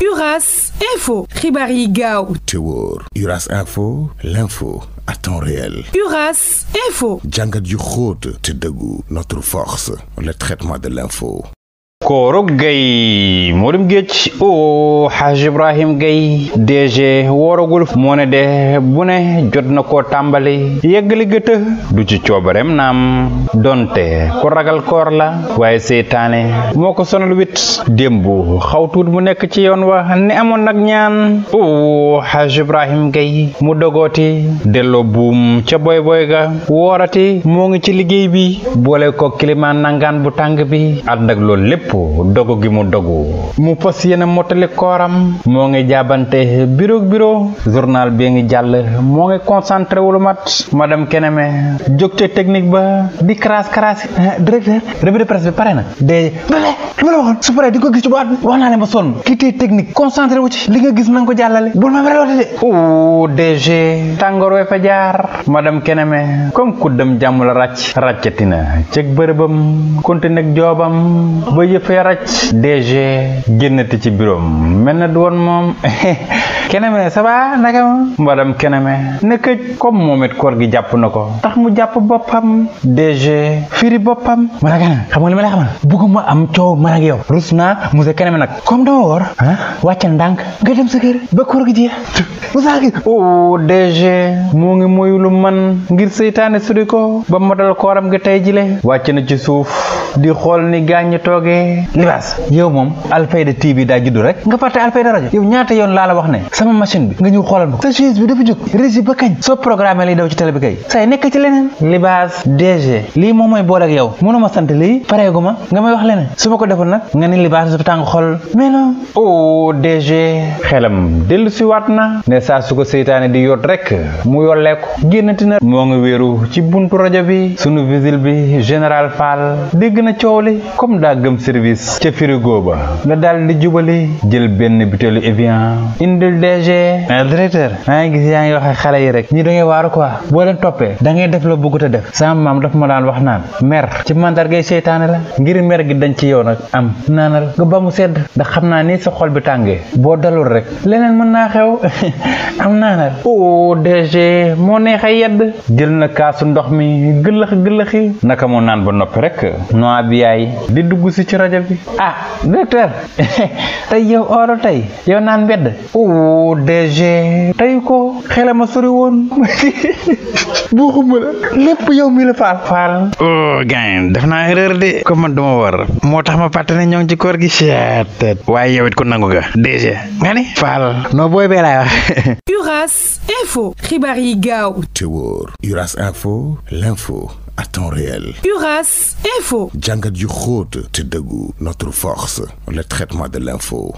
Uras Info. Ribari Gao. Tewor. Uras Info. L'info à temps réel. Uras Info. Django du Notre force. Le traitement de l'info. kooro gay moɗum gecc o haj ibrahim gay dg worogol mone de bune jotna ko tàmbali yeggali gëtë du ci coobarem naam donte ko ragal koor la waaye seytaane moo ko sonal wit démb xaw mu nekk ci yoon wa ne amoon nag ñaan o haj ibrahim gay mu dogooti delloo buum ca boy ga woorati moo ngi ci liggéey bi boole ko kilimaan nangaan bu tàng bi ànd ak loolu lépp dogu gi mu dogu mu fas yéene mottali kooram moo ngi jaabante bureau bureau journal bi ngi jàll moo ngi concentré wulu mat madame Keneme jóg ca technique ba di karaas karaas euh, directeur revue de presse bi pare na de bébé su paree di ko gis ci boîte wax naa leen ba sonn kii tey technique concentré wu ci li nga gis na ko jàllale bul ma meloo de o DG tàngoor we fa jaar madame Keneme comme ku dem jàmm ràcc ràccati na cëg bërëbam konti fee raj DG génnati ci bureau mel na du woon moom Keneme ça va naka ma mbadam Keneme ne këj comme moom it koor gi jàpp na ko tax mu jàpp boppam DG firi boppam ma naka na xam nga li ma la xamal bugguma am coow man ak yow rus naa monsieur Keneme nag comme dama woor ah ndànk nga dem sa kër ba koor gi jeex musaa gi o oh, DG moo ngi moyulu man ngir seytaane sudi ko ba modal kooram gi tey jile wàcc na ci suuf di xool ni gaañ toogee libaas yow moom Alfayda TV daa juddu rek nga fàtte Alfayda rajo yow ñaata yoon laa la wax ne sama machine bi nga ñëw xoolal ma ko sa chaise bi dafa jóg régie ba kañ soo programme lay daw ci télé bi kay say nekk ci leneen libaas DG lii moom mooy boole yow mënuma sant lii pareegu ma nga may wax leneen su ma ko deful nag nga ni libaas dafa tàng xol mais non o oh, DG xelam dellu waat na ne saa su ko seytaane di yoot rek mu yolleeku génnati na moo service ca frigo ba nga daal di jubali jël benn butéelu Evian indil DG mais directeur maa ngi gis yaa ngi wax ak xale yi rek ñi da ngay waaru quoi boo leen toppee da ngay def la bëggut a def sama maam dafa ma daan wax naan mer ci mandargay seytaane la ngir mer gi dañ ci yow nag am naanal nga ba mu sedd ndax xam naa ni sa xol bi tàngee boo dalul rek leneen mën naa xew am naanal o oh, DG moo neexee yedd jël na kaasu ndox mi gëlëx gëlëxi naka moo naan ba noppi rek noa bi yaay rajo bi ah directeur tey yow ooro tey yow naan mbedd o oh, DG tey ko xelama sori woon boo xuma la lépp yow mi faal faal oh gain def naa erreur de comme duma war moo tax ma fàtte ne ñoo ci koor gi seet waaye yow ko nangu ga DG nga ni faal noo booy bee Uras Info xibaar yi gaaw te wóor Uras Info à temps réel. URAS Info. Django du te notre force, le traitement de l'info.